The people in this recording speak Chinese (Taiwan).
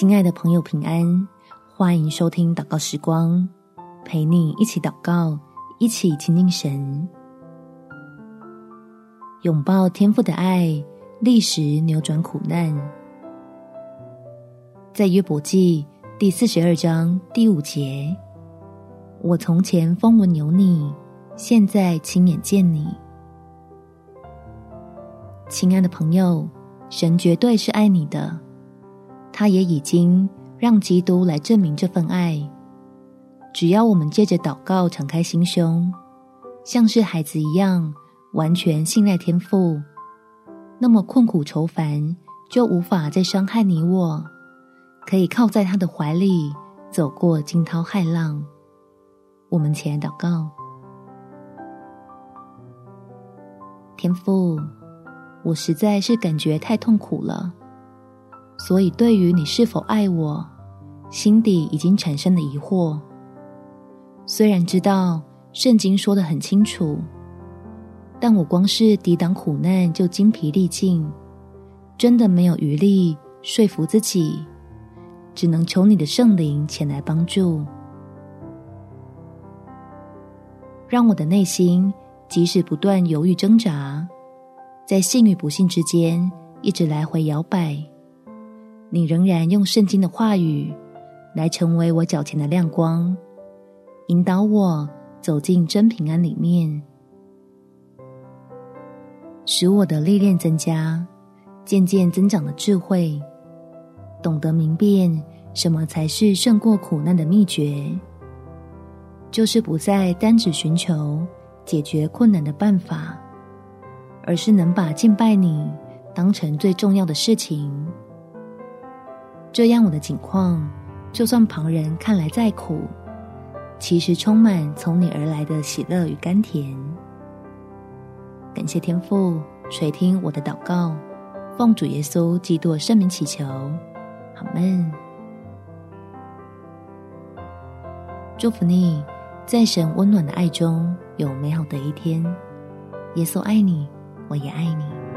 親愛的朋友，平安，歡迎收聽禱告時光，陪你一起禱告，一起傾聽神，擁抱天父的愛，立時扭轉苦難。在約伯記第四十二章第五節，我從前風聞有你，現在親眼見你。親愛的朋友，神絕對是愛你的。他也已經讓基督來證明這份愛。只要我們借着禱告，敞開心胸，像是孩子一樣完全信賴天父，那麼困苦愁煩就無法再傷害你我，可以靠在他的懷裡走過驚濤駭浪。我們前來禱告，天父，我實在是感覺太痛苦了。所以，對於你是否愛我，心底已經產生了疑惑。雖然知道聖經說得很清楚，但我光是抵擋苦難就筋疲力盡，真的沒有餘力說服自己，只能求你的聖靈前來幫助，讓我的內心即使不斷猶豫掙扎，在信與不信之間一直來回搖擺。你仍然用聖經的話語來成為我腳前的亮光，引導我走進真平安裡面，使我的歷練增加，漸漸增長的智慧，懂得明辨什麼才是勝過苦難的秘訣，就是不再單只尋求解決困難的辦法，而是能把敬拜你當成最重要的事情。這樣我的景況，就算旁人看來再苦，其實充滿從你而來的喜樂與甘甜。感謝天父垂聽我的禱告，奉主耶穌基督聖名祈求，阿們。祝福你，在神溫暖的愛中有美好的一天。耶穌愛你，我也愛你。